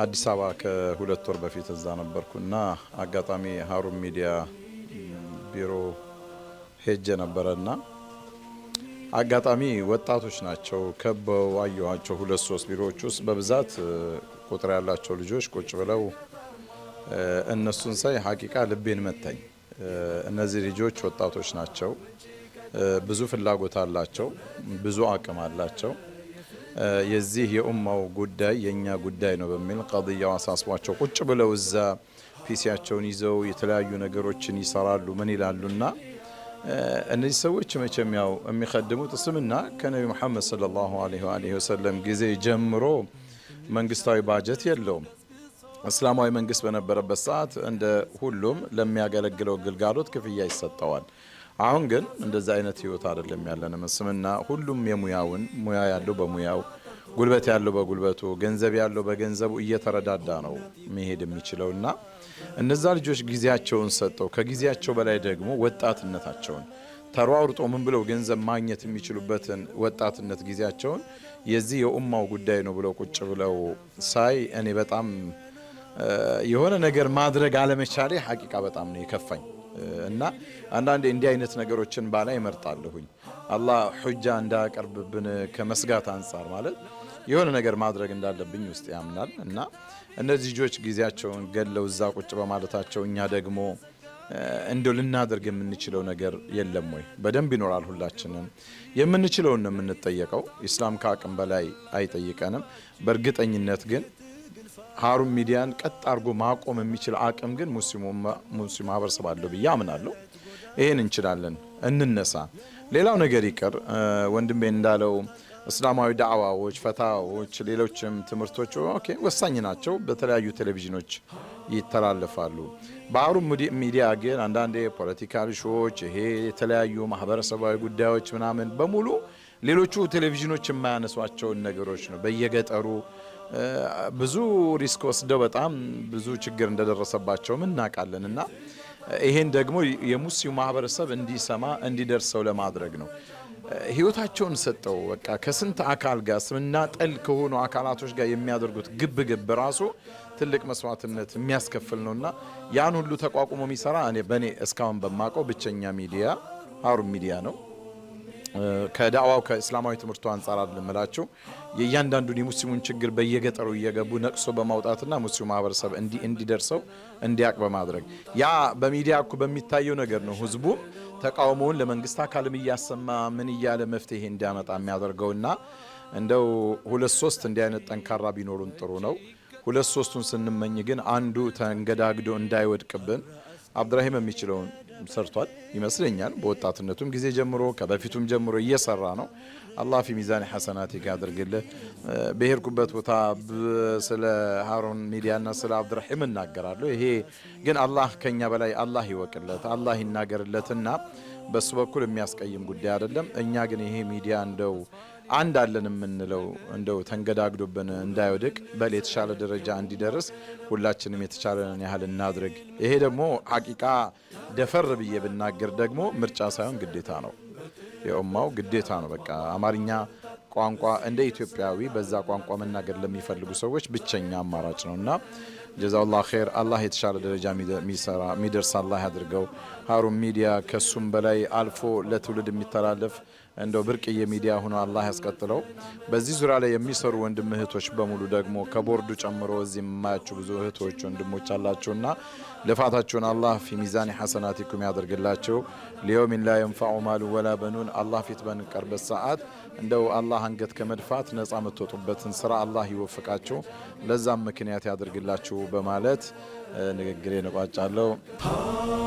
አዲስ አበባ ከሁለት ወር በፊት እዛ ነበርኩ እና አጋጣሚ ሀሩን ሚዲያ ቢሮ ሄጀ ነበረ እና አጋጣሚ ወጣቶች ናቸው ከበው አየኋቸው። ሁለት ሶስት ቢሮዎች ውስጥ በብዛት ቁጥር ያላቸው ልጆች ቁጭ ብለው እነሱን ሳይ ሀቂቃ ልቤን መታኝ። እነዚህ ልጆች ወጣቶች ናቸው፣ ብዙ ፍላጎት አላቸው፣ ብዙ አቅም አላቸው። የዚህ የኡማው ጉዳይ የእኛ ጉዳይ ነው በሚል ቀያው አሳስቧቸው ቁጭ ብለው እዛ ፒሲያቸውን ይዘው የተለያዩ ነገሮችን ይሰራሉ። ምን ይላሉና እነዚህ ሰዎች መቼም ያው የሚከድሙት እስልምና ከነቢ ሙሐመድ ሰለላሁ ዐለይሂ ወሰለም ጊዜ ጀምሮ መንግስታዊ ባጀት የለውም። እስላማዊ መንግስት በነበረበት ሰዓት እንደ ሁሉም ለሚያገለግለው ግልጋሎት ክፍያ ይሰጠዋል። አሁን ግን እንደዚህ አይነት ህይወት አይደለም ያለን። ምስምና ሁሉም የሙያውን ሙያ ያለው በሙያው ጉልበት ያለው በጉልበቱ ገንዘብ ያለው በገንዘቡ እየተረዳዳ ነው መሄድ የሚችለው እና እነዛ ልጆች ጊዜያቸውን ሰጠው ከጊዜያቸው በላይ ደግሞ ወጣትነታቸውን ተሯሩጦ ምን ብለው ገንዘብ ማግኘት የሚችሉበትን ወጣትነት ጊዜያቸውን የዚህ የኡማው ጉዳይ ነው ብለው ቁጭ ብለው ሳይ እኔ በጣም የሆነ ነገር ማድረግ አለመቻሌ ሀቂቃ በጣም ነው የከፋኝ። እና አንዳንድ እንዲህ አይነት ነገሮችን ባላ ይመርጣለሁኝ። አላህ ሑጃ እንዳያቀርብብን ከመስጋት አንጻር ማለት የሆነ ነገር ማድረግ እንዳለብኝ ውስጥ ያምናል። እና እነዚህ ልጆች ጊዜያቸውን ገለው እዛ ቁጭ በማለታቸው እኛ ደግሞ እንደው ልናደርግ የምንችለው ነገር የለም ወይ? በደንብ ይኖራል። ሁላችንም የምንችለውን ነው የምንጠየቀው። ኢስላም ከአቅም በላይ አይጠይቀንም። በእርግጠኝነት ግን ሀሩን ሚዲያን ቀጥ አድርጎ ማቆም የሚችል አቅም ግን ሙስሊም ማህበረሰብ አለው ብዬ አምናለሁ። ይህን እንችላለን፣ እንነሳ። ሌላው ነገር ይቅር ወንድሜ እንዳለው እስላማዊ ዳዕዋዎች፣ ፈታዎች፣ ሌሎችም ትምህርቶች ኦኬ ወሳኝ ናቸው። በተለያዩ ቴሌቪዥኖች ይተላለፋሉ። በሀሩን ሚዲያ ግን አንዳንዴ ፖለቲካል ሾዎች፣ ይሄ የተለያዩ ማህበረሰባዊ ጉዳዮች ምናምን በሙሉ ሌሎቹ ቴሌቪዥኖች የማያነሷቸውን ነገሮች ነው በየገጠሩ ብዙ ሪስክ ወስደው በጣም ብዙ ችግር እንደደረሰባቸውም እናውቃለን እና ይሄን ደግሞ የሙስሊሙ ማህበረሰብ እንዲሰማ እንዲደርሰው ለማድረግ ነው። ህይወታቸውን ሰጠው በቃ ከስንት አካል ጋር ስምና ጠል ከሆኑ አካላቶች ጋር የሚያደርጉት ግብ ግብ ራሱ ትልቅ መስዋዕትነት የሚያስከፍል እና ያን ሁሉ ተቋቁሞ የሚሰራ እኔ በእኔ እስካሁን በማውቀው ብቸኛ ሚዲያ ሀሩን ሚዲያ ነው። ከዳዕዋው ከእስላማዊ ትምህርቱ አንጻር አይደለም እላችሁ የእያንዳንዱን የሙስሊሙን ችግር በየገጠሩ እየገቡ ነቅሶ በማውጣትና ሙስሊሙ ማህበረሰብ እንዲደርሰው እንዲያቅ በማድረግ ያ በሚዲያ እኮ በሚታየው ነገር ነው። ህዝቡም ተቃውሞውን ለመንግስት አካልም እያሰማ ምን እያለ መፍትሄ እንዲያመጣ የሚያደርገውና እንደው ሁለት ሶስት እንዲህ አይነት ጠንካራ ቢኖሩን ጥሩ ነው። ሁለት ሶስቱን ስንመኝ ግን አንዱ ተንገዳግዶ እንዳይወድቅብን አብድራሂም የሚችለውን ሰርቷል ይመስለኛል። በወጣትነቱም ጊዜ ጀምሮ ከበፊቱም ጀምሮ እየሰራ ነው። አላህ ፊ ሚዛን ሐሰናት ያድርግልህ። በሄድኩበት ቦታ ስለ ሀሩን ሚዲያና ስለ አብድራሂም እናገራለሁ። ይሄ ግን አላህ ከኛ በላይ አላህ ይወቅለት፣ አላህ ይናገርለትና በሱ በኩል የሚያስቀይም ጉዳይ አይደለም። እኛ ግን ይሄ ሚዲያ እንደው አንድ አለን የምንለው እንደው ተንገዳግዶብን እንዳይወድቅ በል የተሻለ ደረጃ እንዲደርስ ሁላችንም የተቻለንን ያህል እናድርግ። ይሄ ደግሞ ሀቂቃ ደፈር ብዬ ብናገር ደግሞ ምርጫ ሳይሆን ግዴታ ነው፣ የኡማው ግዴታ ነው። በቃ አማርኛ ቋንቋ እንደ ኢትዮጵያዊ በዛ ቋንቋ መናገር ለሚፈልጉ ሰዎች ብቸኛ አማራጭ ነው እና ጀዛውላህ ኸይር። አላህ የተሻለ ደረጃ የሚደርስ አላህ ያድርገው። ሀሩን ሚዲያ ከሱም በላይ አልፎ ለትውልድ የሚተላለፍ እንደው ብርቅዬ ሚዲያ ሆኖ አላህ ያስቀጥለው። በዚህ ዙሪያ ላይ የሚሰሩ ወንድም እህቶች በሙሉ ደግሞ ከቦርዱ ጨምሮ እዚህ የማያችሁ ብዙ እህቶች ወንድሞች አላችሁና ልፋታችሁን አላህ ፊ ሚዛኒ ሐሰናቲኩም ያደርግላችሁ። ሊየውሚን ላ የንፋዑ ማሉ ወላ በኑን አላህ ፊት በንቀርበት ሰዓት እንደው አላህ አንገት ከመድፋት ነፃ የምትወጡበትን ስራ አላህ ይወፍቃችሁ፣ ለዛም ምክንያት ያደርግላችሁ በማለት ንግግሬን እቋጫለሁ።